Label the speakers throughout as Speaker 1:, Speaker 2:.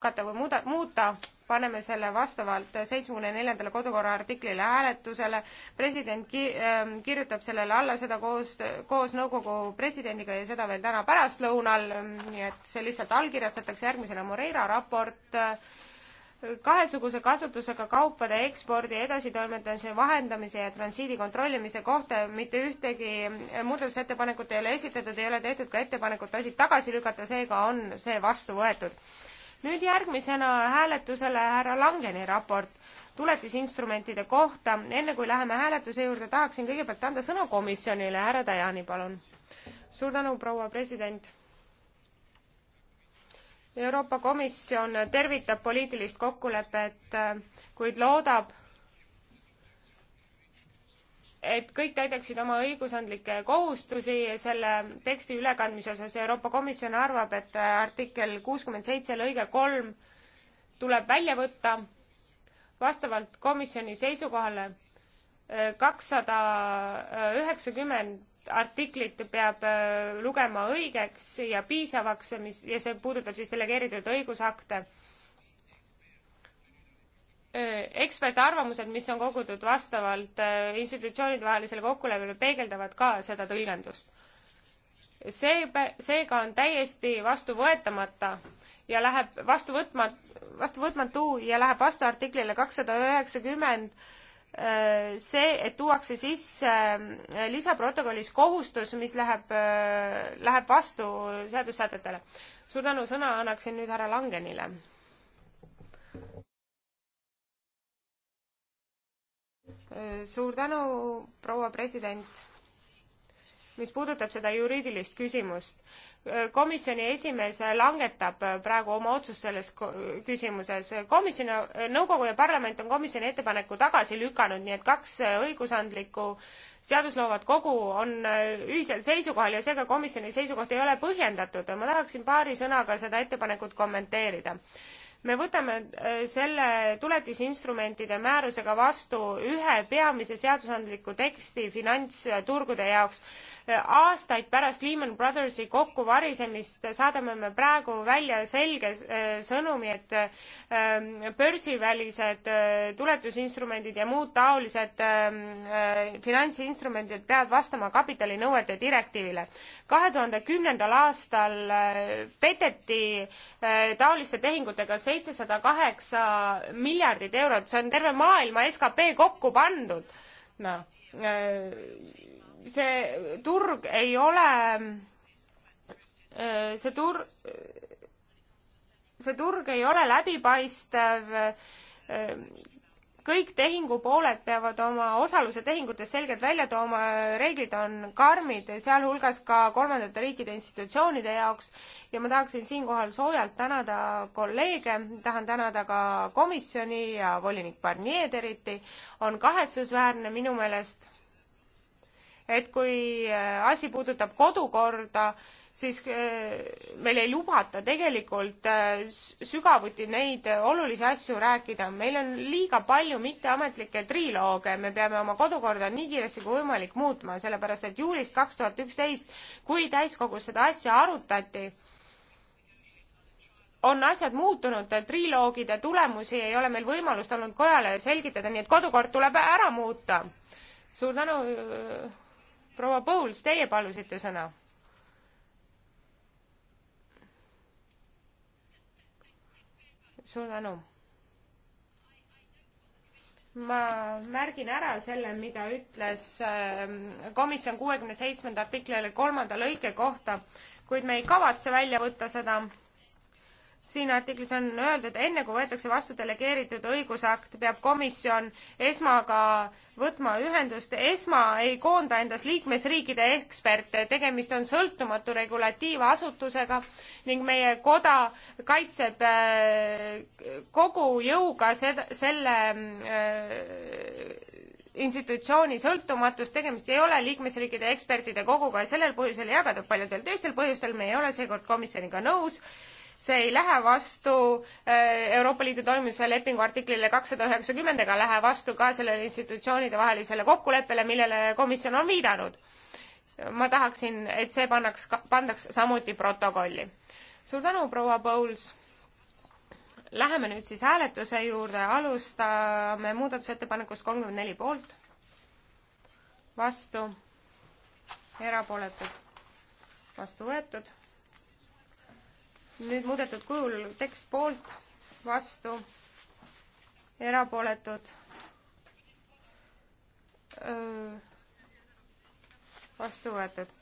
Speaker 1: hakata või muuda, muuta, paneme selle vastavalt seitsmekümne neljandale kodukorra artiklile hääletusele. president ki-, ähm, kirjutab sellele alla seda koos, koos nõukogu presidendiga ja seda veel täna pärastlõunal, nii et see lihtsalt allkirjastatakse, järgmisena Moreira raport äh, kahesuguse kasutusega kaupade ekspordi edasitoimetamise vahendamise ja transiidi kontrollimise kohta mitte ühtegi äh, muudatusettepanekut ei ole esitatud, ei ole tehtud ka ettepanekut asi tagasi lükata, seega on see vastu võetud nüüd järgmisena hääletusele härra Langeni raport tuletisinstrumentide kohta. enne kui läheme hääletuse juurde, tahaksin kõigepealt anda sõna komisjonile. härra Tajani, palun. suur tänu, proua president. Euroopa Komisjon tervitab poliitilist kokkulepet, kuid loodab, et kõik täidaksid oma õigusandlikke kohustusi selle teksti ülekandmise osas. Euroopa Komisjon arvab, et artikkel kuuskümmend seitse lõige kolm tuleb välja võtta. vastavalt komisjoni seisukohale äh, kakssada äh, üheksakümmend artiklit peab äh, lugema õigeks ja piisavaks, mis ja see puudutab siis delegeeritud õigusakte Äh, ekspertarvamused, mis on kogutud vastavalt äh, institutsioonide vahelisele kokkuleppele, peegeldavad ka seda tõlgendust. see, seega on täiesti vastuvõetamata ja läheb vastu võtma, vastu võtmatu ja läheb vastu artiklile kakssada üheksakümmend äh, see, et tuuakse sisse lisaprotokollis kohustus, mis läheb, läheb vastu seadussätetele. suur tänu, sõna annaksin nüüd härra Langenile suur tänu, proua president. mis puudutab seda juriidilist küsimust, komisjoni esimees langetab praegu oma otsust selles küsimuses. komisjon, nõukogu ja parlament on komisjoni ettepaneku tagasi lükanud, nii et kaks õigusandlikku seadusloovat kogu on ühisel seisukohal ja seega komisjoni seisukoht ei ole põhjendatud. ma tahaksin paari sõnaga seda ettepanekut kommenteerida me võtame äh, selle tuletisinstrumentide määrusega vastu ühe peamise seadusandliku teksti finantsturgude jaoks. aastaid pärast Lehman Brothersi kokkuvarisemist saadame me praegu välja selge äh, sõnumi, et äh, börsivälised tuletusinstrumendid ja muud taolised finantsinstrumendid peavad vastama kapitalinõuete direktiivile. kahe tuhande kümnendal aastal peteti taoliste tehingutega seitse seitsesada kaheksa miljardit eurot, see on terve maailma skp kokku pandud. noh, äh, see turg ei ole, äh, see turg, see turg ei ole läbipaistev äh, kõik tehingupooled peavad oma osaluse tehingutes selgelt välja tooma, reeglid on karmid, sealhulgas ka kolmandate riikide institutsioonide jaoks ja ma tahaksin siinkohal soojalt tänada kolleege, tahan tänada ka komisjoni ja volinik Barnier'd eriti, on kahetsusväärne minu meelest, et kui äh, asi puudutab kodukorda, siis äh, meil ei lubata tegelikult äh, sügavuti neid äh, olulisi asju rääkida. meil on liiga palju mitteametlikke trilooge, me peame oma kodukorda nii kiiresti kui võimalik muutma, sellepärast et juulist kaks tuhat üksteist, kui täiskogus seda asja arutati, on asjad muutunud, triloogide tulemusi ei ole meil võimalust olnud kojale selgitada, nii et kodukord tuleb ära muuta. suur tänu, proua Pouls, teie palusite sõna suur tänu. ma märgin ära selle, mida ütles ähm, komisjon kuuekümne seitsmenda artikli kolmanda lõike kohta, kuid me ei kavatse välja võtta seda siin artiklis on öeldud, enne kui võetakse vastu delegeeritud õigusakt, peab komisjon esmaga võtma ühendust. esma ei koonda endas liikmesriikide eksperte, tegemist on sõltumatu regulatiivasutusega ning meie koda kaitseb äh, kogu jõuga seda, selle äh, institutsiooni sõltumatust, tegemist ei ole liikmesriikide ekspertide koguga ja sellel põhjusel ei jagatud paljudel teistel põhjustel, me ei ole seekord komisjoniga nõus see ei lähe vastu äh, Euroopa Liidu toimimise lepingu artiklile kakssada üheksakümmend ega lähe vastu ka sellele institutsioonide vahelisele kokkuleppele, millele komisjon on viidanud. ma tahaksin, et see pannaks, pandaks samuti protokolli. suur tänu, proua Pouls. Läheme nüüd siis hääletuse juurde, alustame muudatusettepanekust kolmkümmend neli poolt, vastu, erapooletud, vastu võetud nüüd muudetud kujul tekst poolt, vastu, erapooletud. vastu võetud.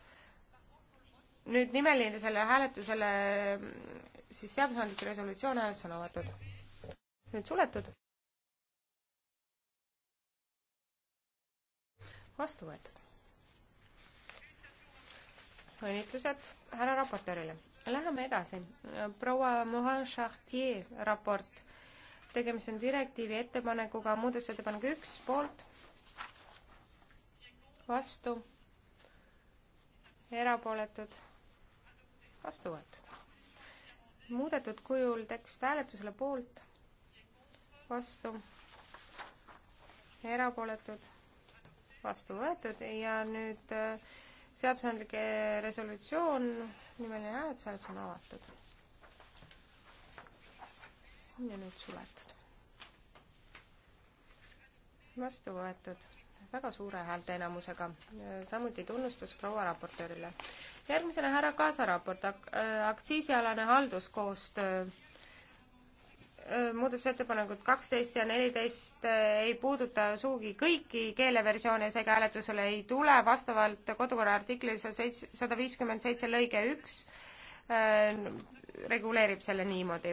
Speaker 1: nüüd nimelisele hääletusele siis seadusandlik resolutsioon, hääletus on avatud. nüüd suletud. vastu võetud. õnnitlused härra raportöörile Läheme edasi. proua Mohan Chartier raport. tegemist on direktiivi ettepanekuga, muudatusettepanek üks poolt, vastu, erapooletud, vastu võetud. muudetud kujul tekst hääletusele poolt, vastu, erapooletud, vastu võetud ja nüüd äh, seadusandlik resolutsioon, nimeline hääletus, hääletus on avatud. ja nüüd suletud. vastu võetud väga suure häälteenamusega. samuti tunnustus proua raportöörile. järgmisena härra Kaasa raport ak-, äh, aktsiisialane halduskoostöö Äh, muudatusettepanekud kaksteist ja neliteist äh, ei puuduta sugugi kõiki keeleversioone, seega hääletusele ei tule, vastavalt kodukorra artikli sada viiskümmend seitse lõige üks äh, reguleerib selle niimoodi.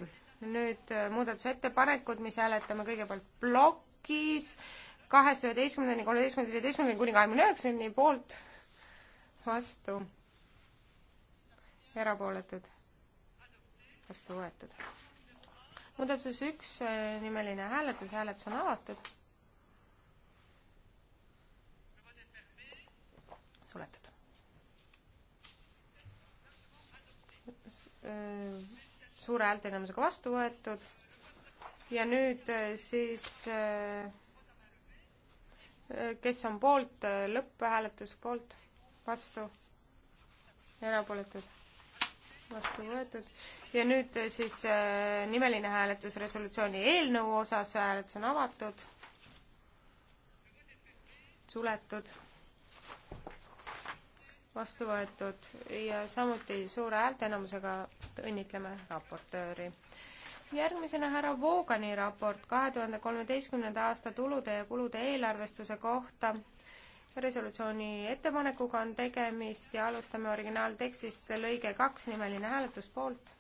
Speaker 1: nüüd muudatusettepanekud, mis hääletame kõigepealt plokis kahest üheteistkümnendani, kolmeteistkümnendani, viieteistkümnendani kuni kahekümne üheksani poolt, vastu, erapooletud, vastu võetud muudatus üks, nimeline hääletus, hääletus on avatud. suletud. Äh, suure häälteenamusega vastu võetud ja nüüd äh, siis äh, kes on poolt, lõpphääletus poolt, vastu, erapooletud, vastu võetud ja nüüd äh, siis äh, nimeline hääletus resolutsiooni eelnõu osas, hääletus on avatud, suletud, vastu võetud ja samuti suure häälteenamusega õnnitleme raportööri. järgmisena härra Voogani raport kahe tuhande kolmeteistkümnenda aasta tulude ja kulude eelarvestuse kohta resolutsiooni ettepanekuga on tegemist ja alustame originaaltekstist lõige kaks nimeline hääletus poolt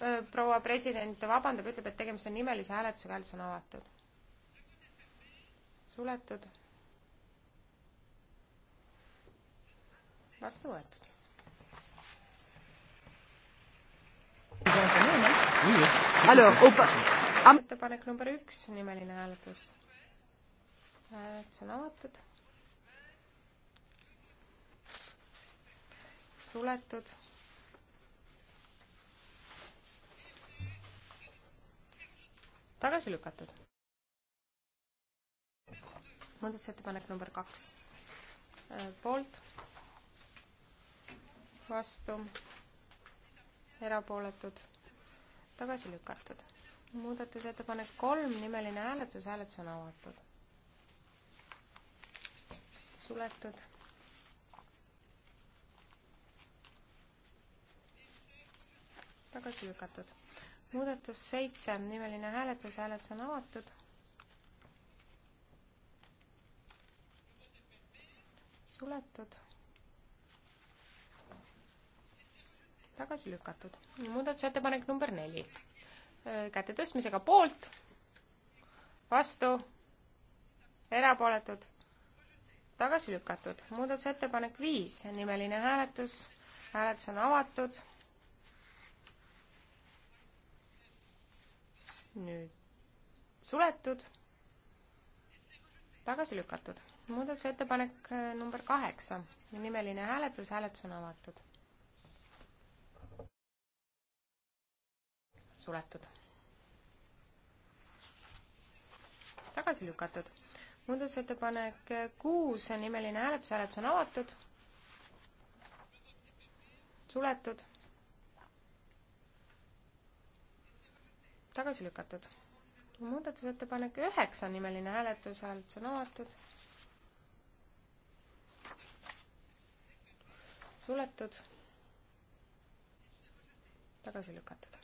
Speaker 1: Äh, proua president vabandab, ütleb, et tegemist on nimelise hääletusega, hääletus on avatud. suletud. vastu võetud. ettepanek number üks, nimeline hääletus. hääletus äh, on avatud. suletud tagasi lükatud. muudatusettepanek number kaks. Äh, poolt, vastu, erapooletud, tagasi lükatud. muudatusettepanek kolm, nimeline hääletus, hääletus on avatud. suletud tagasi lükatud muudatus seitse, nimeline hääletus, hääletus on avatud. suletud. tagasi lükatud. muudatusettepanek number neli. käte tõstmisega poolt, vastu, erapooletud, tagasi lükatud. muudatusettepanek viis, nimeline hääletus, hääletus on avatud nüüd suletud, tagasi lükatud. muudatusettepanek äh, number kaheksa, nimeline hääletus, hääletus on avatud. suletud. tagasi lükatud. muudatusettepanek äh, kuus, nimeline hääletus, hääletus on avatud. suletud tagasi lükatud. muudatusettepanek üheksa nimeline hääletus, hääletus on avatud. suletud. tagasi lükatud.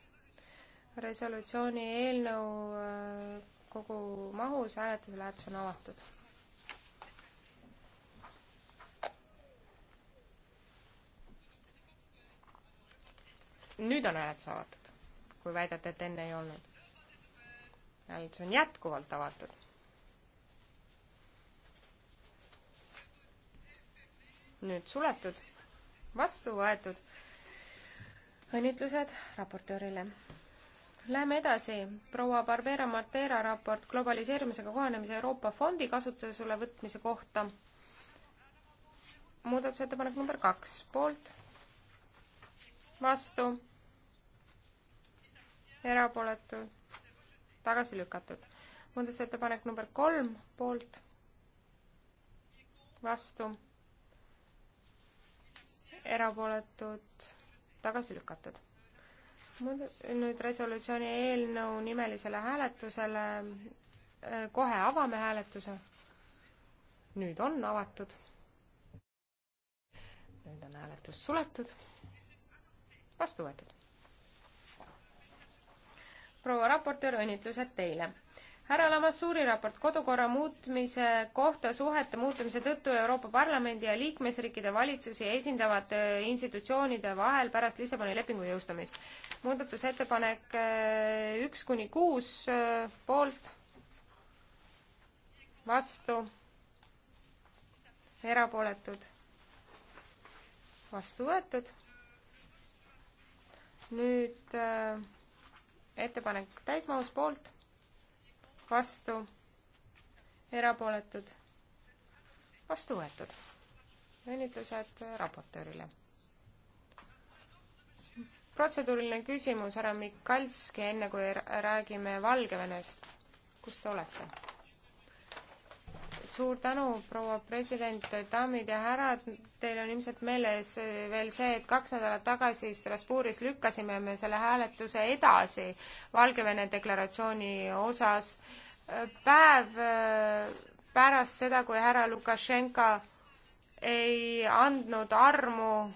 Speaker 1: resolutsiooni eelnõu äh, kogu mahus hääletuse lähetus on avatud nüüd on hääletus avatud kui väidate, et enne ei olnud. hääletus on jätkuvalt avatud. nüüd suletud, vastu võetud. õnnitlused raportöörile. Läheme edasi, proua Barbera Matera raport globaliseerimisega kohanemise Euroopa Fondi kasutusele võtmise kohta. muudatusettepanek number kaks, poolt, vastu erapooletu, tagasi lükatud. muudatusettepanek number kolm, poolt, vastu, erapooletud, tagasi lükatud. nüüd resolutsiooni eelnõu nimelisele hääletusele, äh, kohe avame hääletuse. nüüd on avatud. nüüd on hääletus suletud, vastu võetud proua raportöör, õnnitlused teile! härra Lamassuuri raport kodukorra muutmise kohta suhete muutumise tõttu Euroopa Parlamendi ja liikmesriikide valitsusi esindavate institutsioonide vahel pärast Lissaboni lepingu jõustumist. muudatusettepanek eh, üks kuni kuus eh, poolt, vastu, erapooletud, vastu võetud nüüd äh, ettepanek täismahus poolt, vastu, erapooletud, vastu võetud. õnnitlused raportöörile. protseduuriline küsimus härra Mikalski, enne kui räägime Valgevenest, kus te olete? suur tänu, proua president, daamid ja härrad, teil on ilmselt meeles veel see, et kaks nädalat tagasi Strasbourgis lükkasime me selle hääletuse edasi Valgevene deklaratsiooni osas. päev äh, pärast seda, kui härra Lukašenka ei andnud armu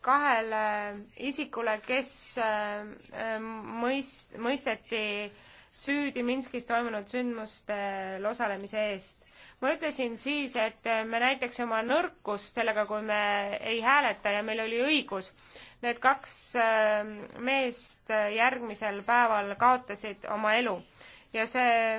Speaker 1: kahele isikule, kes äh, mõist-, mõisteti süüdi Minskis toimunud sündmustel osalemise eest. ma ütlesin siis, et me näitaks oma nõrkust sellega, kui me ei hääleta ja meil oli õigus. Need kaks äh, meest järgmisel päeval kaotasid oma elu ja see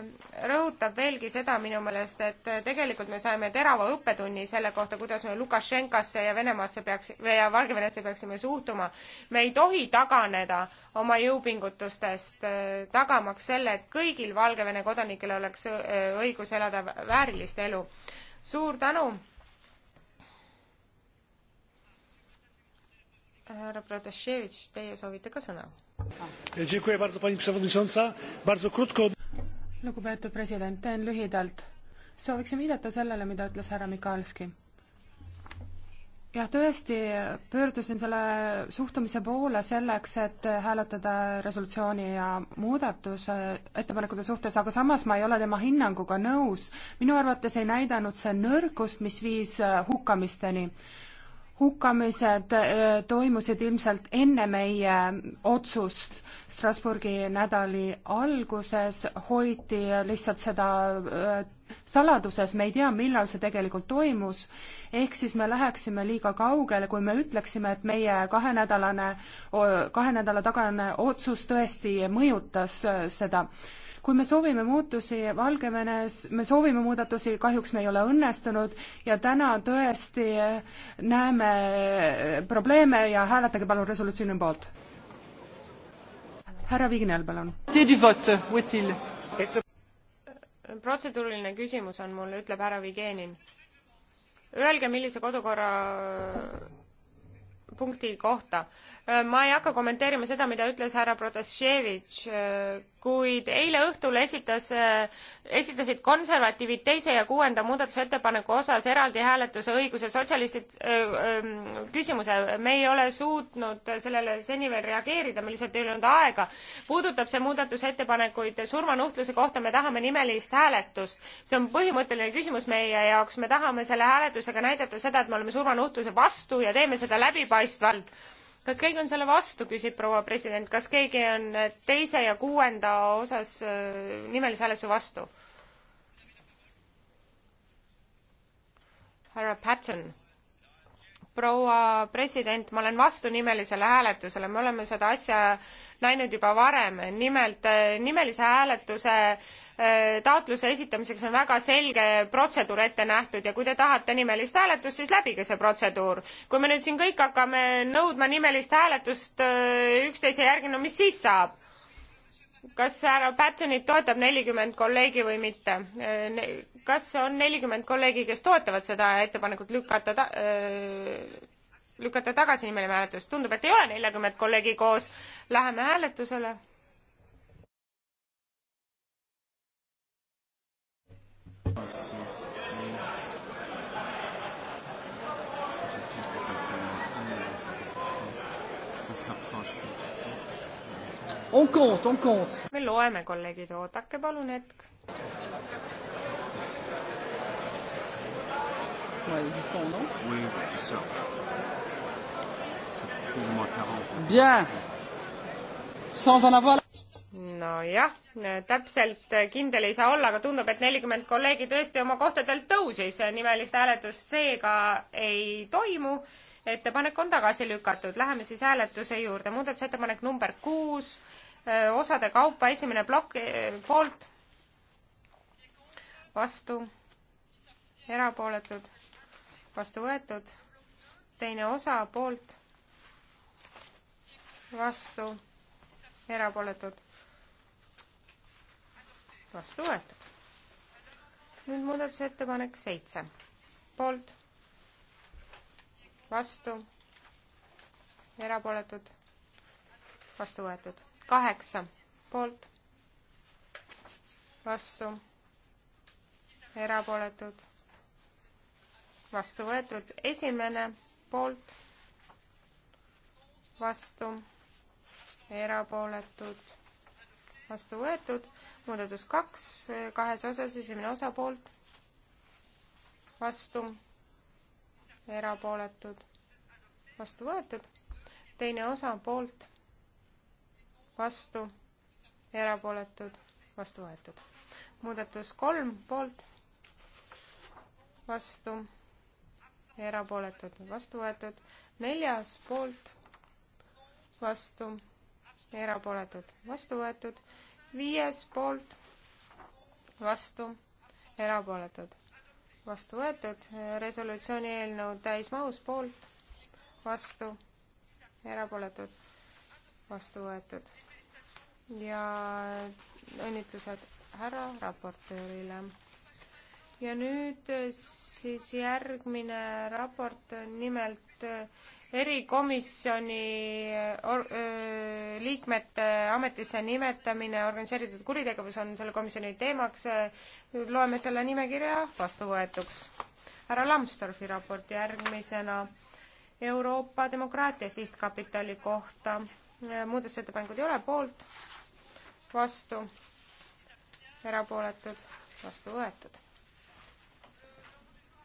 Speaker 1: rõhutab veelgi seda minu meelest, et tegelikult me saime terava õppetunni selle kohta, kuidas me Lukašenkasse ja Venemaasse peaks või ja Valgevenesse peaksime suhtuma. me ei tohi taganeda oma jõupingutustest, äh, tagamaks selle, et kõigil Valgevene kodanikel oleks äh, õigus elada väärilist elu. suur tänu. härra Protasevitš, teie soovite ka sõna?
Speaker 2: pani przewodnicząca! bardzo krótko lugupeetud president, teen lühidalt. sooviksin viidata sellele, mida ütles härra Mikalski. jah, tõesti, pöördusin selle suhtumise poole selleks, et hääletada resolutsiooni ja muudatuse ettepanekute suhtes, aga samas ma ei ole tema hinnanguga nõus. minu arvates ei näidanud see nõrgust, mis viis hukkamisteni hukkamised äh, toimusid ilmselt enne meie äh, otsust. Strasburgi nädali alguses hoiti lihtsalt seda äh, saladuses, me ei tea, millal see tegelikult toimus, ehk siis me läheksime liiga kaugele, kui me ütleksime, et meie kahenädalane, kahe nädala tagane otsus tõesti mõjutas seda kui me soovime muutusi Valgevenes, me soovime muudatusi, kahjuks me ei ole õnnestunud ja täna tõesti näeme probleeme ja hääletage palun resolutsiooni poolt. härra Vignel, palun.
Speaker 1: protseduuriline küsimus on mul, ütleb härra Vigenin. Öelge, millise kodukorra punkti kohta Äh, ma ei hakka kommenteerima seda, mida ütles härra Protasevitš, äh, kuid eile õhtul esitas, äh, esitasid konservatiivid teise ja kuuenda muudatusettepaneku osas eraldi hääletuse õiguse sotsialistid ähm, küsimuse. me ei ole suutnud sellele seni veel reageerida, me lihtsalt ei olnud aega. puudutab see muudatusettepanekuid surmanuhtluse kohta, me tahame nimelist hääletust. see on põhimõtteline küsimus meie jaoks, me tahame selle hääletusega näidata seda, et me oleme surmanuhtluse vastu ja teeme seda läbipaistvalt kas keegi on selle vastu, küsib proua president, kas keegi on teise ja kuuenda osas äh, nimelise hääletuse vastu? härra Patten proua president, ma olen vastu nimelisele hääletusele, me oleme seda asja näinud juba varem, nimelt äh, nimelise hääletuse äh, taotluse esitamiseks on väga selge protseduur ette nähtud ja kui te tahate nimelist hääletust, siis läbige see protseduur. kui me nüüd siin kõik hakkame nõudma nimelist hääletust äh, üksteise järgi, no mis siis saab? kas härra Pattonit toetab nelikümmend kolleegi või mitte. kas on nelikümmend kolleegi, kes toetavad seda ettepanekut lükata ta, äh, lükata tagasi nimeline hääletus? tundub, et ei ole neljakümmet kolleegi koos. Läheme hääletusele.
Speaker 2: Ça s'approche on compte, on compte.
Speaker 1: me loeme, kolleegid, oodake palun hetk. nojah, täpselt kindel ei saa olla, aga tundub, et nelikümmend kolleegi tõesti oma kohtadelt tõusis, nimelist hääletust seega ei toimu ettepanek on tagasi lükatud. Läheme siis hääletuse juurde. muudatusettepanek number kuus, osade kaupa esimene plokk e, poolt, vastu, erapooletud, vastu võetud, teine osa poolt, vastu, erapooletud, vastu võetud. nüüd muudatusettepanek seitse, poolt vastu, erapooletud, vastu võetud. kaheksa poolt, vastu, erapooletud, vastu võetud. esimene poolt, vastu, erapooletud, vastu võetud. muudatus kaks, kahes osas esimene osa poolt, vastu erapooletud, vastu võetud, teine osa poolt, vastu, erapooletud, vastu võetud. muudatus kolm poolt, vastu, erapooletud, vastu võetud, neljas poolt, vastu, erapooletud, vastu võetud, viies poolt, vastu, erapooletud vastu võetud, resolutsiooni eelnõu täismahus poolt, vastu, erapooletud, vastu võetud. ja õnnitlused härra raportöörile. ja nüüd siis järgmine raport, nimelt erikomisjoni or-, öö, liikmete ametisse nimetamine, organiseeritud kuritegevus on selle komisjoni teemaks, loeme selle nimekirja vastuvõetuks. härra Lambsdorfi raport järgmisena Euroopa Demokraatia Sihtkapitali kohta. muudatusettepanekud ei ole poolt, vastu, erapooletud, vastu võetud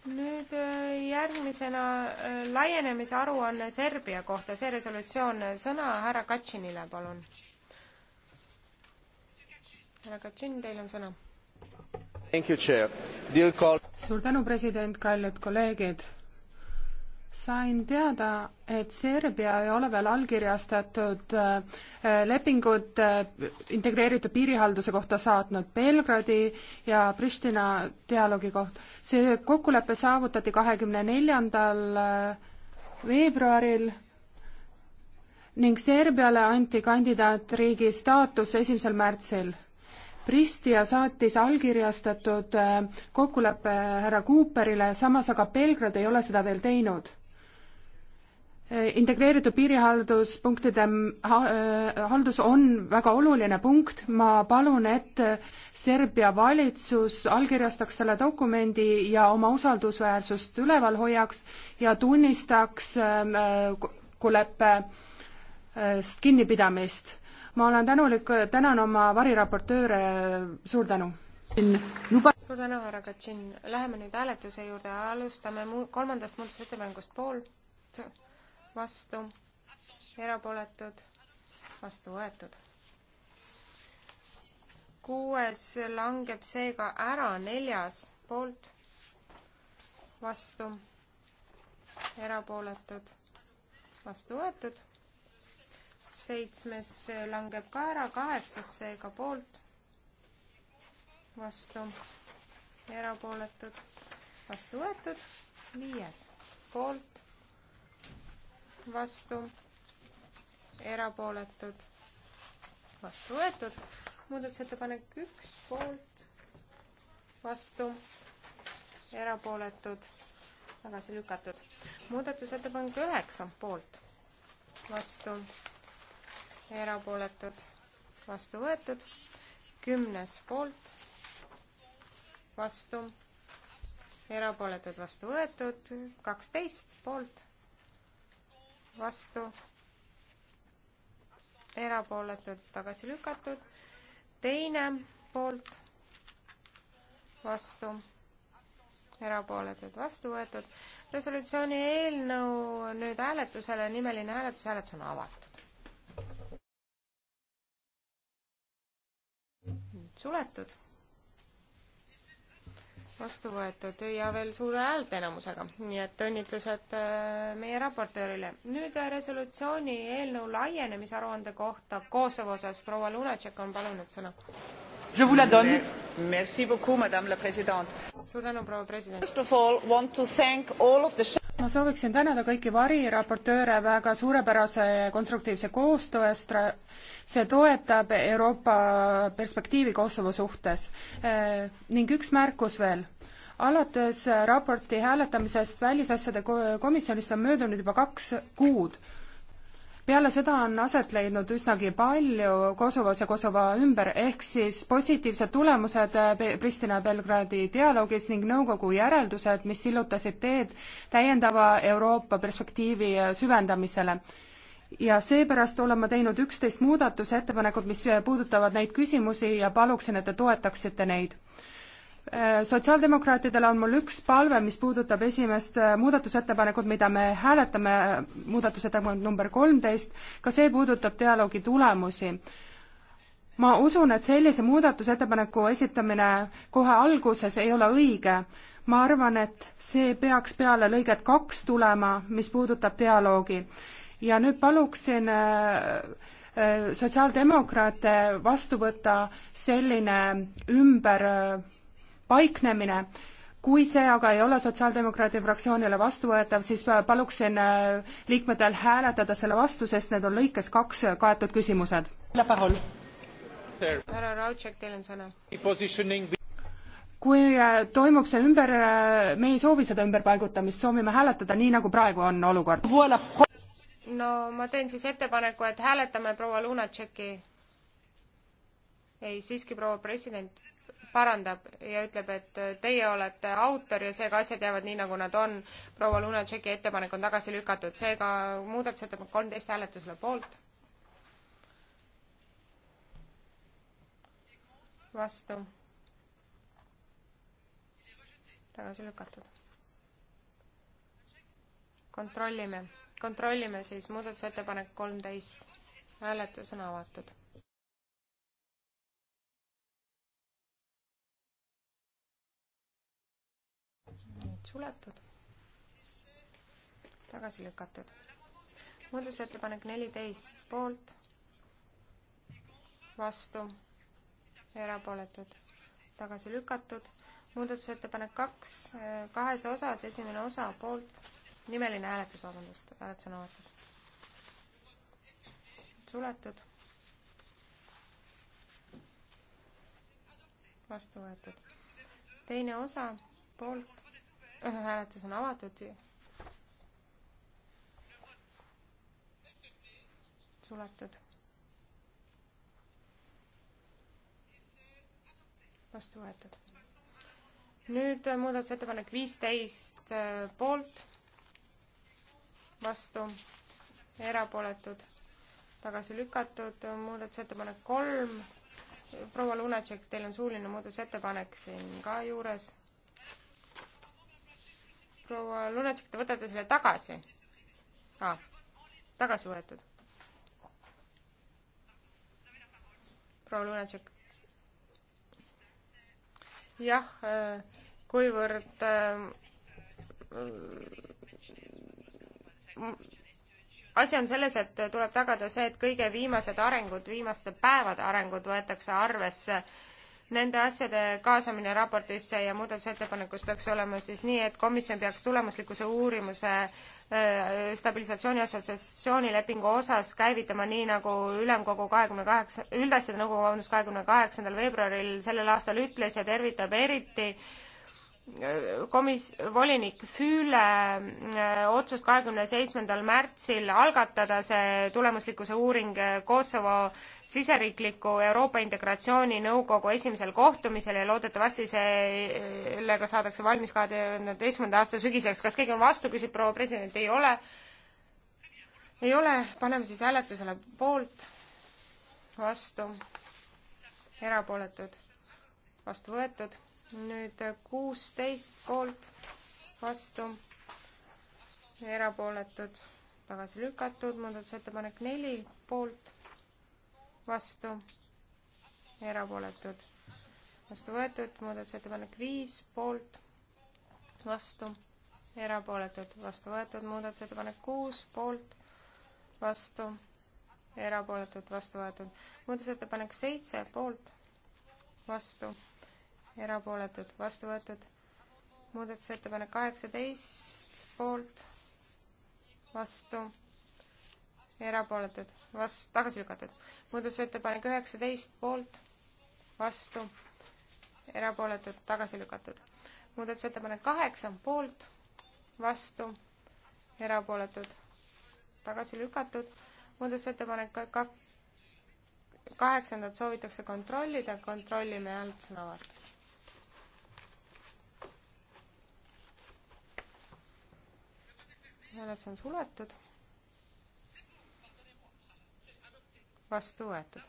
Speaker 1: nüüd äh, järgmisena äh, laienemise aruanne Serbia kohta, see resolutsioon, äh, sõna härra Katšinile, palun. härra Katšin, teil on sõna.
Speaker 2: suur tänu, president, kallid kolleegid sain teada, et Serbia ei ole veel allkirjastatud äh, lepingut äh, integreeritud piirihalduse kohta saatnud Belgradi ja Pristina dialoogi kohta. see kokkulepe saavutati kahekümne neljandal äh, veebruaril ning Serbiale anti kandidaatriigi staatus esimesel märtsil. Pristia saatis allkirjastatud kokkuleppe härra Cooperile, samas aga Belgrad ei ole seda veel teinud integreeritud piirihalduspunktide äh, haldus on väga oluline punkt, ma palun, et Serbia valitsus allkirjastaks selle dokumendi ja oma usaldusväärsust üleval hoiaks ja tunnistaks ähm, äh, kokkuleppest äh, kinnipidamist. ma olen tänulik, tänan oma variraportööre, suur tänu!
Speaker 1: suur tänu, härra Katšin, läheme nüüd hääletuse juurde, alustame mu-, kolmandast muudatusettepanekust poolt vastu, erapooletud, vastu võetud. kuues langeb seega ära, neljas poolt, vastu, erapooletud, vastu võetud. seitsmes langeb ka ära, kaheksas seega poolt, vastu, erapooletud, vastu võetud. viies poolt vastu, erapooletud, vastu võetud. muudatusettepanek üks poolt, vastu, erapooletud, tagasi lükatud. muudatusettepanek üheksa poolt, vastu, erapooletud, vastu võetud. kümnes poolt, vastu, erapooletud, vastu võetud. kaksteist poolt vastu, erapooletult tagasi lükatud, teine poolt, vastu, erapooletult vastu võetud. resolutsiooni eelnõu nüüd hääletusele, nimeline hääletus, hääletus on avatud. suletud vastu võetud ja veel suure häälteenamusega, nii et õnnitlused äh, meie raportöörile. nüüd äh, resolutsiooni eelnõu laienemisaruande kohta Kosovo osas, proua Lunatšek on palunud sõna. suur tänu, proua
Speaker 2: president ma sooviksin tänada kõiki variraportööre väga suurepärase konstruktiivse koostöö eest. see toetab Euroopa perspektiivi Kosovo suhtes eh,. ning üks märkus veel. alates raporti hääletamisest välisasjade komisjonist on möödunud juba kaks kuud peale seda on aset leidnud üsnagi palju Kosovos ja Kosovo ümber, ehk siis positiivsed tulemused eh, Pristina-Belgradi dialoogis ning nõukogu järeldused, mis sillutasid teed täiendava Euroopa perspektiivi eh, süvendamisele ja seepärast olen ma teinud üksteist muudatusettepanekut, mis eh, puudutavad neid küsimusi ja paluksin, et te toetaksite neid. Äh, sotsiaaldemokraatidele on mul üks palve, mis puudutab esimest äh, muudatusettepanekut, mida me hääletame, äh, muudatusettepanek number kolmteist, ka see puudutab dialoogi tulemusi. ma usun, et sellise muudatusettepaneku esitamine kohe alguses ei ole õige. ma arvan, et see peaks peale lõiget kaks tulema, mis puudutab dialoogi. ja nüüd paluksin äh, sotsiaaldemokraate vastu võtta selline ümber paiknemine. kui see aga ei ole Sotsiaaldemokraadi fraktsioonile vastuvõetav, siis paluksin äh, liikmetel hääletada selle vastu, sest need on lõikes kaks kaetud küsimused.
Speaker 1: härra Raudšek, teil on sõna
Speaker 2: kui äh, toimub see ümber, äh, me ei soovi seda ümberpaigutamist, soovime hääletada nii, nagu praegu on olukord.
Speaker 1: no ma teen siis ettepaneku, et hääletame proua Lunatšeki. ei, siiski proua president parandab ja ütleb, et äh, teie olete autor ja seega asjad jäävad nii, nagu nad on. proua Lunatšeki ettepanek on tagasi lükatud, seega muudatusettepanek kolmteist hääletusele poolt. vastu. tagasi lükatud. kontrollime, kontrollime siis muudatusettepanek kolmteist. hääletus on avatud suletud, tagasi lükatud. muudatusettepanek neliteist poolt, vastu, erapooletud, tagasi lükatud. muudatusettepanek kaks, eh, kahes osas, esimene osa poolt, nimeline hääletus, vabandust, hääletus on avatud. suletud vastu võetud. teine osa poolt, hääletus on avatud. suletud. vastu võetud. nüüd äh, muudatusettepanek viisteist äh, poolt, vastu, erapooletud, tagasi lükatud, muudatusettepanek kolm, proua Lunatšek, teil on suuline muudatusettepanek siin ka juures proua Lunatšik, te võtate selle tagasi ah,? tagasi võetud. proua Lunatšik. jah, äh, kuivõrd äh, asi on selles, et tuleb tagada see, et kõige viimased arengud, viimaste päevade arengud võetakse arvesse äh, nende asjade kaasamine raportisse ja muudatusettepanekus peaks olema siis nii, et komisjon peaks tulemuslikkuse uurimuse stabilisatsiooni assotsiatsioonilepingu osas käivitama nii, nagu ülemkogu kahekümne kaheksa, üldasjade nõukogu, vabandust, kahekümne kaheksandal veebruaril sellel aastal ütles ja tervitab eriti äh, komis-, volinik Füüle äh, otsust kahekümne seitsmendal märtsil algatada see tulemuslikkuse uuring Kosovo siseriikliku Euroopa Integratsiooni Nõukogu esimesel kohtumisel ja loodetavasti sellega saadakse valmis kahe tuhande üheteistkümnenda aasta sügiseks. kas keegi on vastu, küsib proua president, ei ole? ei ole, paneme siis hääletusele poolt, vastu, erapooletud, vastu võetud nüüd äh, kuusteist poolt, vastu, erapooletud, tagasi lükatud, muudatusettepanek neli poolt, vastu, erapooletud, vastu võetud, muudatusettepanek viis poolt, vastu, erapooletud, vastu võetud, muudatusettepanek kuus poolt, vastu, erapooletud, vastu võetud, muudatusettepanek seitse poolt, vastu erapooletud, vastu võetud. muudatusettepanek kaheksateist, poolt, vastu, erapooletud, vast-, tagasi lükatud. muudatusettepanek üheksateist, poolt, vastu, erapooletud, tagasi lükatud. muudatusettepanek kaheksa, poolt, vastu, erapooletud, tagasi lükatud. muudatusettepanek kak-, kaheksandat soovitakse kontrollida, kontrollime alt sõnavõttu. hääletus on suletud. vastu võetud.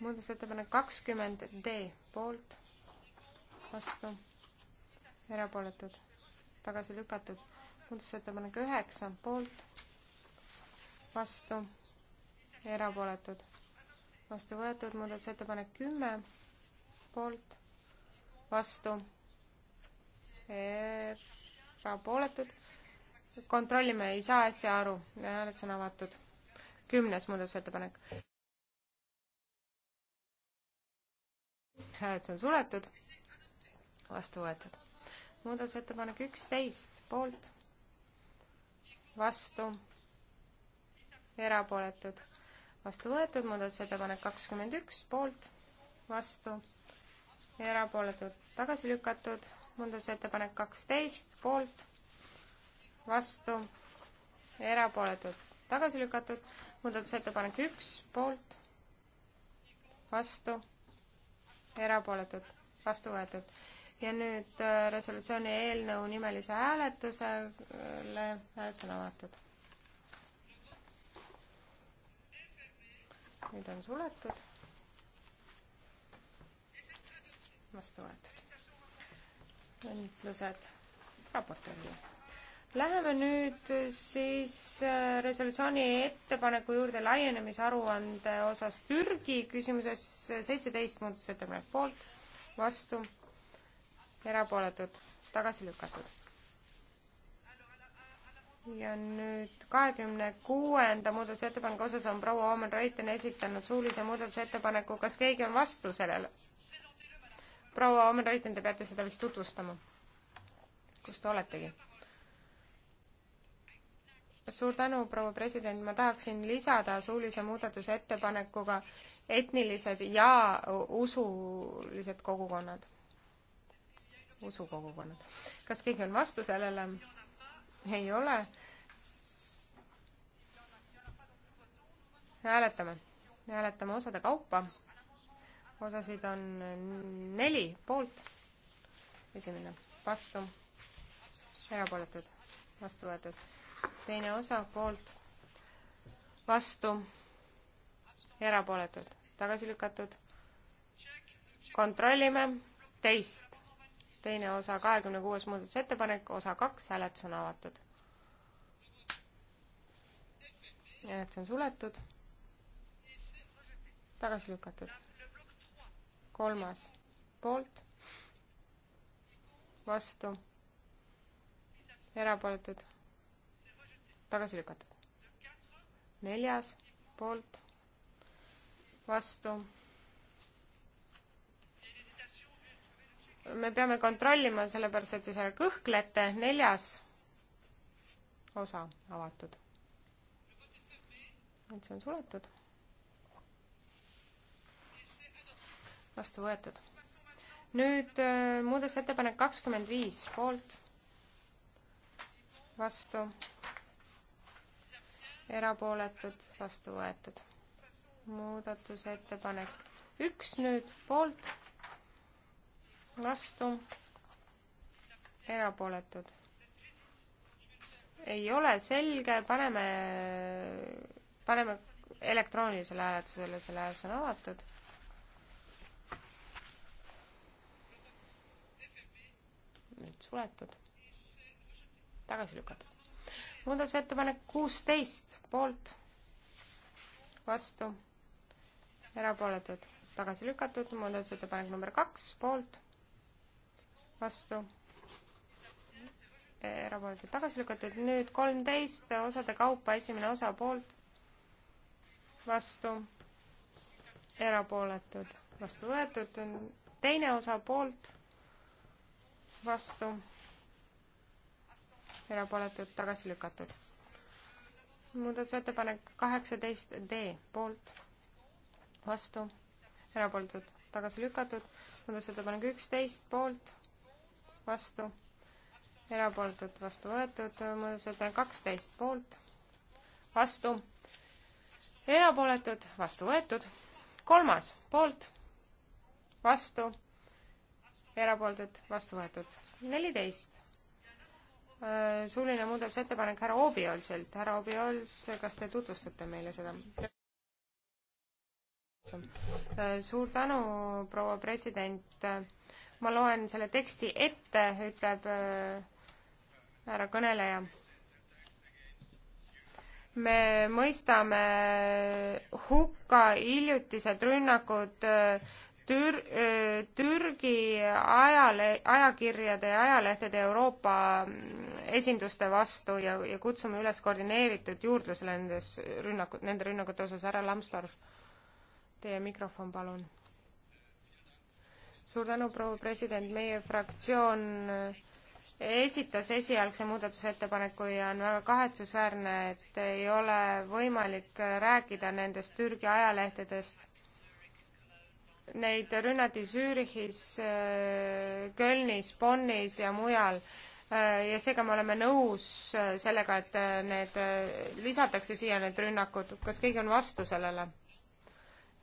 Speaker 1: muudatusettepanek kakskümmend D poolt, vastu, erapooletud, tagasi lükatud. muudatusettepanek üheksa poolt, vastu, erapooletud, vastu võetud. muudatusettepanek kümme poolt, vastu, erapooletud kontrollime, ei saa hästi aru, hääletus on avatud. kümnes muudatusettepanek. hääletus on suletud, vastu võetud. muudatusettepanek üksteist, poolt, vastu, erapooletud, vastu võetud, muudatusettepanek kakskümmend üks, poolt, vastu, erapooletud, tagasi lükatud, muudatusettepanek kaksteist, poolt vastu, erapooletud, tagasi lükatud. muudatusettepanek üks, poolt, vastu, erapooletud, vastu võetud. ja nüüd äh, resolutsiooni eelnõu nimelise hääletusele, hääletus on avatud. nüüd on suletud. vastu võetud. õnnitlused raportöörile. Läheme nüüd siis äh, resolutsiooni ettepaneku juurde laienemisaruande osas Türgi küsimuses seitseteist muudatusettepanek poolt, vastu, erapooletud, tagasi lükatud. ja nüüd kahekümne kuuenda muudatusettepaneku osas on proua Oomen Reuten esitanud suulise muudatusettepaneku, kas keegi on vastu sellele? proua Oomen Reuten, te peate seda vist tutvustama. kus te oletegi? suur tänu, proua president, ma tahaksin lisada suulise muudatuse ettepanekuga etnilised ja usulised kogukonnad, usukogukonnad. kas keegi on vastu sellele? ei ole. hääletame, hääletame osade kaupa. osasid on neli poolt. esimene vastu, erapooletud, vastu võetud teine osa poolt, vastu, erapooletud, tagasi lükatud. kontrollime teist, teine osa, kahekümne kuues muudatusettepanek, osa kaks, hääletus on avatud. hääletus on suletud, tagasi lükatud. kolmas, poolt, vastu, erapooletud tagasi lükatud. neljas poolt, vastu. me peame kontrollima, sellepärast et te seal kõhklete, neljas osa avatud. nüüd see on suletud. vastu võetud. nüüd äh, muudatusettepanek kakskümmend viis poolt, vastu erapooletud, vastu võetud. muudatusettepanek üks nüüd, poolt, vastu, erapooletud. ei ole selge, paneme, paneme elektroonilisele hääletusele, selle hääletus on avatud. nüüd suletud, tagasi lükatud muudatusettepanek kuusteist, poolt, vastu, erapooletud, tagasi lükatud, muudatusettepanek number kaks, poolt, vastu, erapooletud, tagasi lükatud, nüüd kolmteist osade kaupa, esimene osa poolt, vastu, erapooletud, vastu võetud, teine osa poolt, vastu erapooletud, tagasi lükatud. muudatusettepanek kaheksateist D poolt, vastu, erapooletud, tagasi lükatud. muudatusettepanek üksteist poolt, vastu, erapooletud, vastu võetud. muudatusettepanek kaksteist poolt, vastu, erapooletud, vastu võetud. kolmas poolt, vastu, erapooletud, vastu võetud. neliteist Äh, suuline muudatusettepanek härra Obiolsilt. härra Obiols, kas te tutvustate meile seda? Äh, suur tänu, proua president. ma loen selle teksti ette, ütleb äh, härra kõneleja. me mõistame hukka hiljutised rünnakud Tür-, äh, Türgi ajale-, ajakirjade ja ajalehtede Euroopa mm, esinduste vastu ja, ja kutsume üles koordineeritud juurdlusele nendes rünnakud, nende rünnakute osas. härra Lambsdorff, teie mikrofon, palun. suur tänu, proua president, meie fraktsioon äh, esitas esialgse muudatusettepaneku ja on väga kahetsusväärne, et ei ole võimalik äh, rääkida nendest Türgi ajalehtedest neid rünnati Zürichis, äh, Kölnis, Bonnis ja mujal äh, ja seega me oleme nõus äh, sellega, et need, lisatakse siia need rünnakud. kas keegi on vastu sellele?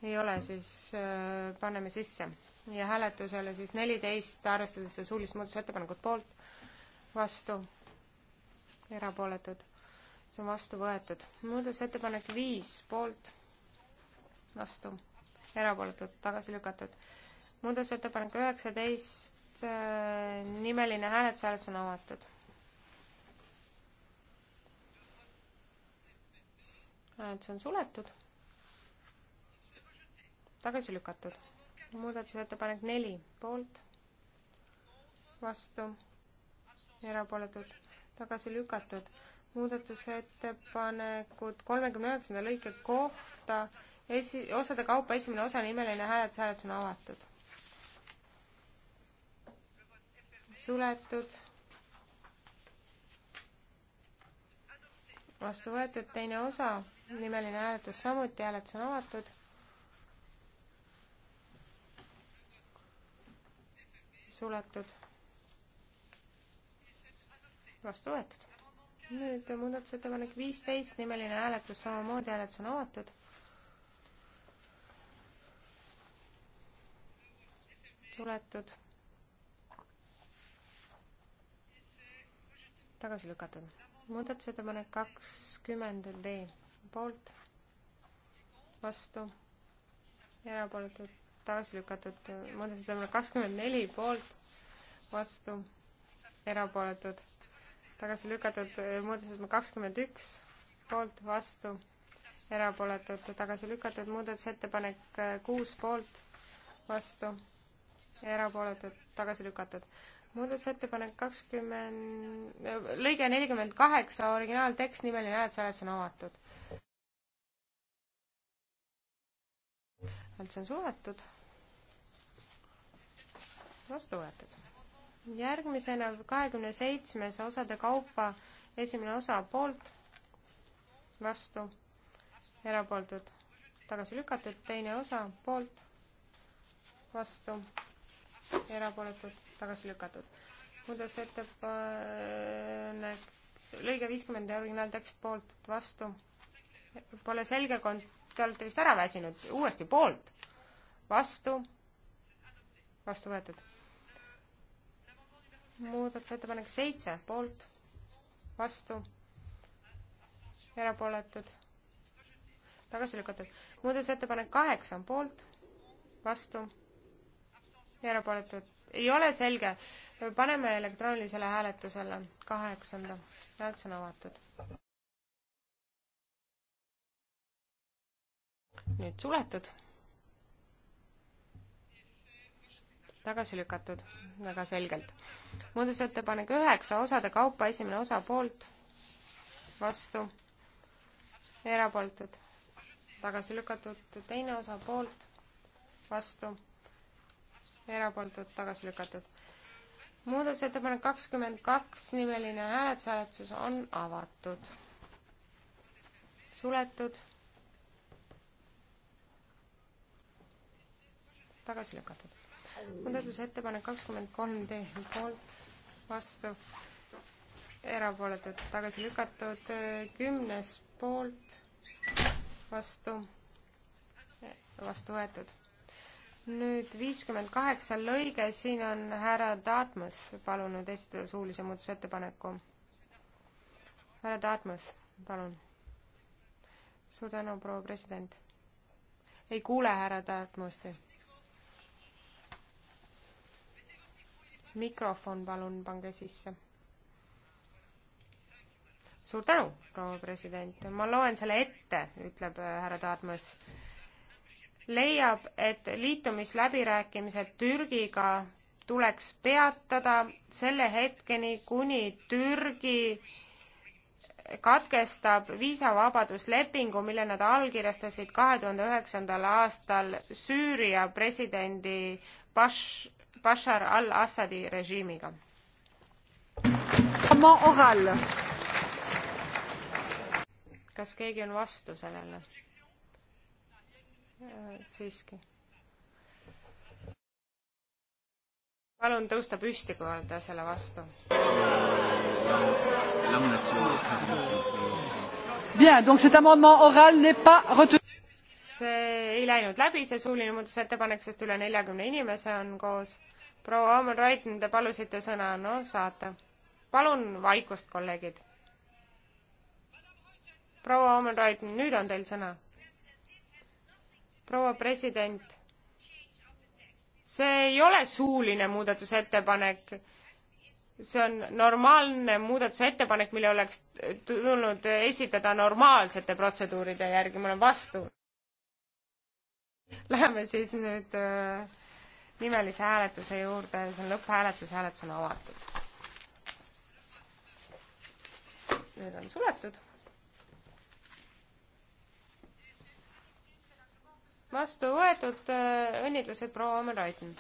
Speaker 1: ei ole, siis paneme sisse. ja hääletusele siis neliteist, arvestades seda suulist muudatusettepanekut poolt, vastu, erapooletud. see on vastu võetud. muudatusettepanek viis poolt, vastu erapooletud, tagasi lükatud. muudatusettepanek üheksateist, äh, nimeline hääletus, hääletus on avatud. hääletus on suletud. tagasi lükatud. muudatusettepanek neli, poolt, vastu, erapooletud, tagasi lükatud muudatusettepanekud kolmekümne üheksanda lõike kohta esi, osade kaupa esimene osa nimeline hääletus, hääletus on avatud. suletud. vastu võetud teine osa, nimeline hääletus samuti, hääletus on avatud. suletud. vastu võetud. nüüd muudatusettepanek viisteist, nimeline hääletus samamoodi, hääletus on avatud suletud, tagasi lükatud. muudatusettepanek kakskümmend D poolt, vastu, erapooletud, tagasi lükatud. muudatusettepanek kakskümmend neli poolt, vastu, erapooletud, tagasi lükatud. muudatusettepanek kakskümmend üks poolt, vastu erapooletud tagasi lükatud muudatusettepanek kuus poolt, vastu, erapooletud, tagasi lükatud. muudatusettepanek kakskümmend, lõige nelikümmend kaheksa, originaaltekst, nimeline hääletus on avatud. hääletus on suletud. vastu võetud. järgmisena kahekümne seitsmes osade kaupa esimene osa poolt, vastu, erapooletud, tagasi lükatud, teine osa poolt, vastu erapooletud, tagasi lükatud. muudatusettepanek, lõige viiskümmend ja originaaltekst poolt, vastu. Pole selge kont-, te olete vist ära väsinud, uuesti poolt, vastu, vastu võetud. muudatusettepanek seitse, poolt, vastu, erapooletud, tagasi lükatud. muudatusettepanek kaheksa, poolt, vastu erapooletud, ei ole selge. paneme elektroonilisele hääletusele kaheksanda. hääletus on avatud. nüüd suletud. tagasi lükatud väga selgelt. muudatusettepanek üheksa osade kaupa, esimene osa poolt, vastu, erapooletud, tagasi lükatud, teine osa poolt, vastu erapooletud, tagasi lükatud. muudatusettepanek kakskümmend kaks, nimeline hääletus, hääletus on avatud. suletud. tagasi lükatud. muudatusettepanek kakskümmend kolm, tehniline poolt, vastu, erapooletud, tagasi lükatud, kümnes poolt, vastu, vastu võetud nüüd viiskümmend kaheksa lõige, siin on härra Dartmouth palunud esitada suulise muudatusettepaneku. härra Dartmouth, palun. suur tänu, proua president. ei kuule härra Dartmouthi. mikrofon palun pange sisse. suur tänu, proua president, ma loen selle ette, ütleb äh, härra Dartmouth leiab, et liitumisläbirääkimised Türgiga tuleks peatada selle hetkeni, kuni Türgi katkestab viisavabaduslepingu, mille nad allkirjastasid kahe tuhande üheksandal aastal Süüria presidendi Bash-, Bashar al-Assadi režiimiga. kas keegi on vastu sellele? Äh, siiski. palun tõusta püsti, kui olete selle vastu. see ei läinud läbi, see suuline muudatusettepanek, sest üle neljakümne inimese on koos. proua Amon Raidn, te palusite sõna, no saate. palun vaikust, kolleegid. proua Amon Raidn, nüüd on teil sõna proua president, see ei ole suuline muudatusettepanek, see on normaalne muudatusettepanek, mille oleks tulnud esitada normaalsete protseduuride järgi, ma olen vastu. Läheme siis nüüd äh, nimelise hääletuse juurde, see on lõpphääletus, hääletus on avatud. nüüd on suletud vastu võetud, äh, õnnitlused proua Omen Reuten.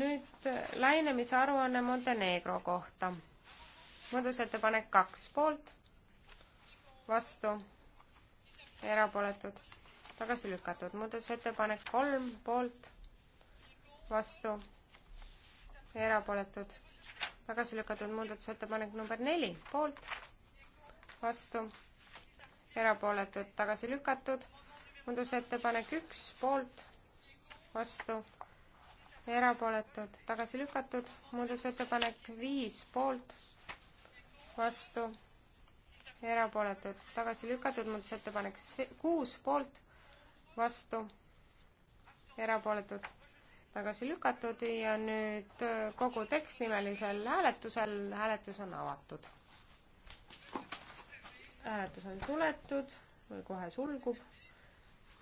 Speaker 1: nüüd äh, lainemise aruanne Montenegro kohta. muudatusettepanek kaks poolt, vastu, erapooletud, tagasi lükatud. muudatusettepanek kolm poolt, vastu, erapooletud, tagasi lükatud. muudatusettepanek number neli poolt, vastu, erapooletud, tagasi lükatud muudatusettepanek üks, poolt, vastu, erapooletud, tagasi lükatud, muudatusettepanek viis, poolt, vastu, erapooletud, tagasi lükatud, muudatusettepanek kuus, poolt, vastu, erapooletud, tagasi lükatud ja nüüd kogu tekst nimelisel hääletusel, hääletus on avatud. hääletus on suletud või kohe sulgub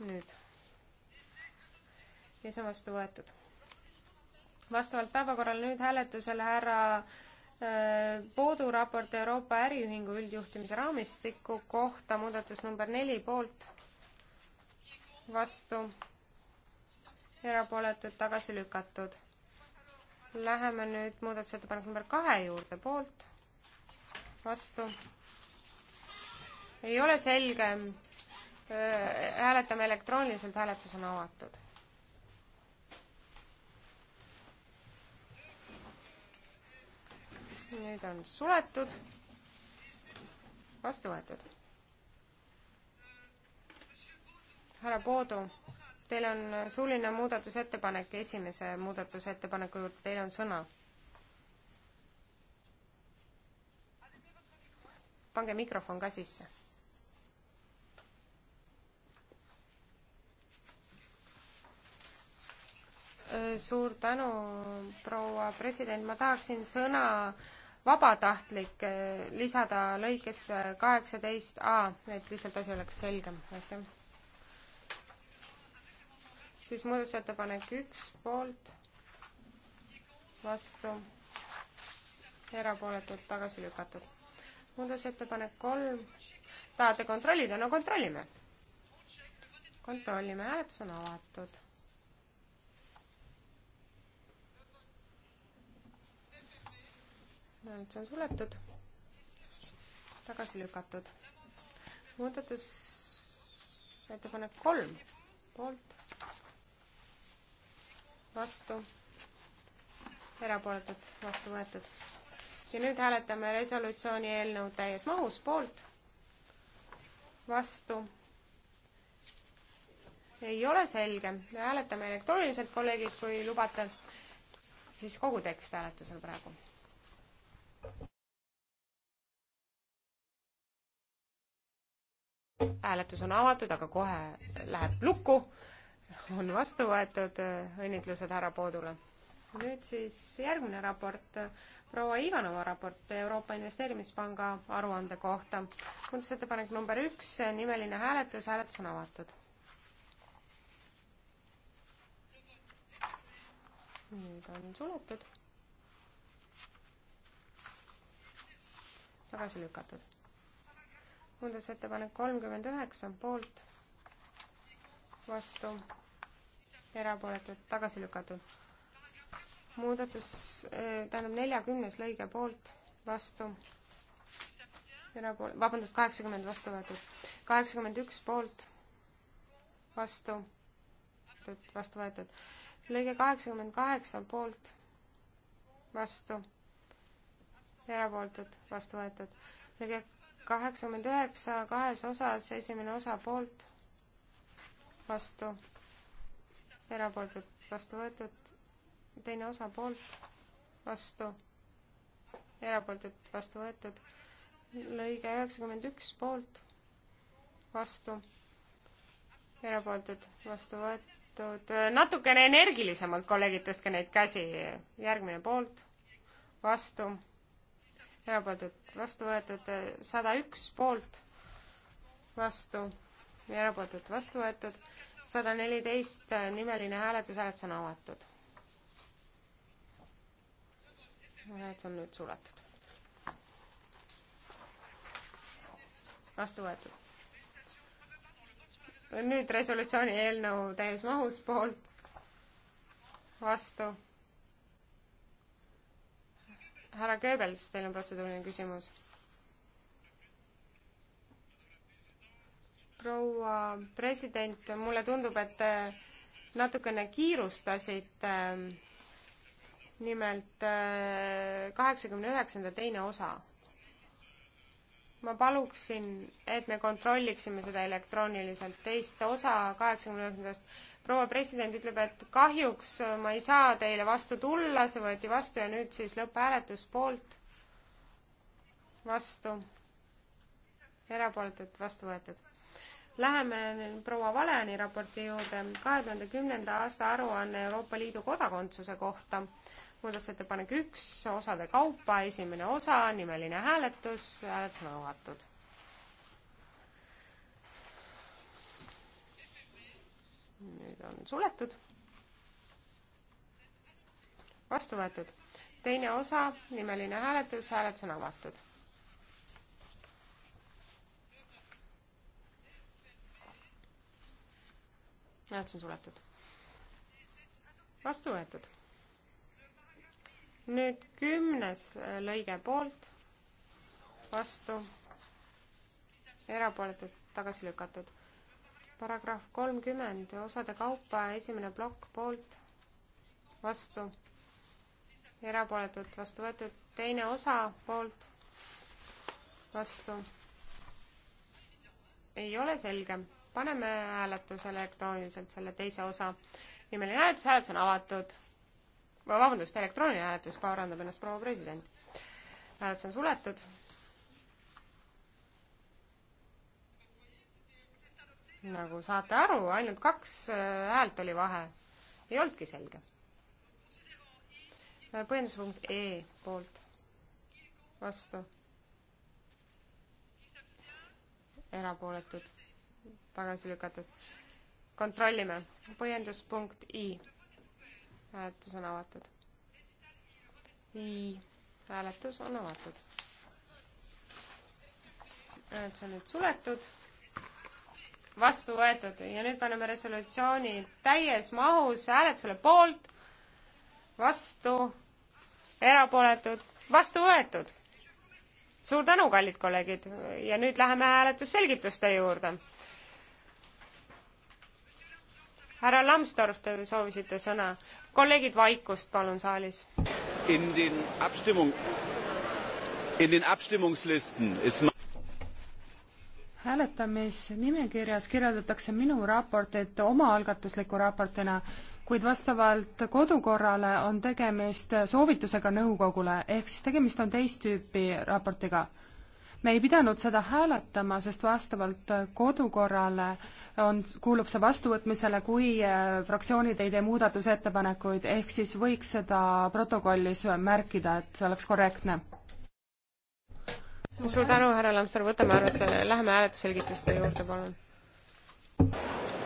Speaker 1: nüüd. ja see on vastu võetud. vastavalt päevakorrale nüüd hääletusele härra äh, Poodu raport Euroopa Äriühingu üldjuhtimise raamistiku kohta, muudatus number neli poolt, vastu, erapooletud, tagasi lükatud. Läheme nüüd muudatusettepaneku number kahe juurde, poolt, vastu. ei ole selge, Äh, hääletame elektrooniliselt, hääletus on avatud. nüüd on suletud, vastu võetud. härra Poodu, teil on suuline muudatusettepanek esimese muudatusettepaneku juurde, teil on sõna pange mikrofon ka sisse Äh, suur tänu, proua president, ma tahaksin sõna vabatahtlik lisada lõikesse kaheksateist A, et lihtsalt asi oleks selgem, aitäh. siis muudatusettepanek üks poolt, vastu, erapooletult tagasi lükatud. muudatusettepanek kolm, tahate kontrollida, no kontrollime. kontrollime, hääletus on avatud nüüd see on suletud, tagasi lükatud. muudatus, ettepanek kolm, poolt, vastu, erapooletud, vastu võetud. ja nüüd hääletame resolutsiooni eelnõu täies mahus, poolt, vastu, ei ole selge, hääletame elektrooniliselt, kolleegid, kui lubate, siis kogu tekst hääletusel praegu hääletus on avatud, aga kohe läheb lukku. on vastu võetud, äh, õnnitlused härra Poodule. nüüd siis järgmine raport, äh, proua Ivanova raport Euroopa Investeerimispanga aruande kohta. muudatusettepanek number üks, nimeline hääletus, hääletus on avatud. nüüd on suletud. tagasi lükatud muudatusettepanek kolmkümmend üheksa poolt, vastu, erapooletud, tagasi lükatud. muudatus, eh, tähendab neljakümnes lõige poolt, vastu, erapool-, vabandust, kaheksakümmend vastu võetud. kaheksakümmend üks poolt, vastu, vastu võetud. lõige kaheksakümmend kaheksa poolt, vastu, erapooletud, vastu võetud. lõige kaheksakümmend üheksa kahes osas, esimene osa poolt, vastu, erapooletud, vastu võetud, teine osa poolt, vastu, erapooletud, vastu võetud, lõige üheksakümmend üks poolt, vastu, erapooletud, vastu võetud, natukene energilisemalt, kolleegid, tõstke neid käsi, järgmine poolt, vastu erapooletud, vastu võetud äh, sada üks poolt, vastu ja erapooletud, vastu võetud sada neliteist, äh, nimeline hääletus, hääletus on avatud. hääletus on nüüd suletud. vastu võetud. nüüd resolutsiooni eelnõu täies mahus poolt, vastu härra Goebbels, teil on protseduuriline küsimus. proua president, mulle tundub, et te natukene kiirustasite. Ähm, nimelt äh, kaheksakümne üheksanda teine osa. ma paluksin, et me kontrolliksime seda elektrooniliselt, teist osa kaheksakümne üheksandast proua president ütleb, et kahjuks äh, ma ei saa teile vastu tulla, see võeti vastu ja nüüd siis lõpphääletus poolt, vastu, erapooletult vastu võetud. Läheme proua Valeni raporti juurde, kahe tuhande kümnenda aasta aruanne Euroopa Liidu kodakondsuse kohta. muudatusettepanek üks, osade kaupa, esimene osa, nimeline hääletus, hääletus on avatud nüüd on suletud. vastu võetud. teine osa, nimeline hääletus, hääletus on avatud. hääletus on suletud. vastu võetud. nüüd kümnes lõige poolt, vastu, erapooletud, tagasi lükatud paragrahv kolmkümmend, osade kaupa esimene plokk poolt, vastu, erapooletult vastu võetud, teine osa poolt, vastu. ei ole selge, paneme hääletusele elektrooniliselt selle teise osa. nimeline hääletus, hääletus on avatud. vabandust, elektrooniline hääletus, parandab ennast proua president. hääletus on suletud nagu saate aru, ainult kaks äh, häält oli vahe. ei olnudki selge. Äh, põhjenduspunkt E poolt, vastu. erapooletud, tagasi lükatud. kontrollime. põhjenduspunkt I. hääletus on avatud. I. hääletus on avatud. hääletus on nüüd suletud vastu võetud ja nüüd paneme resolutsiooni täies mahus hääletusele poolt, vastu, erapooletud, vastu võetud. suur tänu, kallid kolleegid ja nüüd läheme hääletusselgituste juurde. härra Lambsdorff, te soovisite sõna. kolleegid, vaikust palun saalis.
Speaker 2: In den Abstimmung, in den Abstimmungslisten ist hääletamisnimekirjas kirjeldatakse minu raportit omaalgatusliku raportina, kuid vastavalt kodukorrale on tegemist soovitusega nõukogule, ehk siis tegemist on teist tüüpi raportiga. me ei pidanud seda hääletama, sest vastavalt kodukorrale on, kuulub see vastuvõtmisele, kui äh, fraktsioonid ei tee muudatusettepanekuid, ehk siis võiks seda protokollis märkida, et see oleks korrektne
Speaker 1: suur tänu, härra Lamsar, võtame arvesse, läheme hääletusselgituste juurde, palun.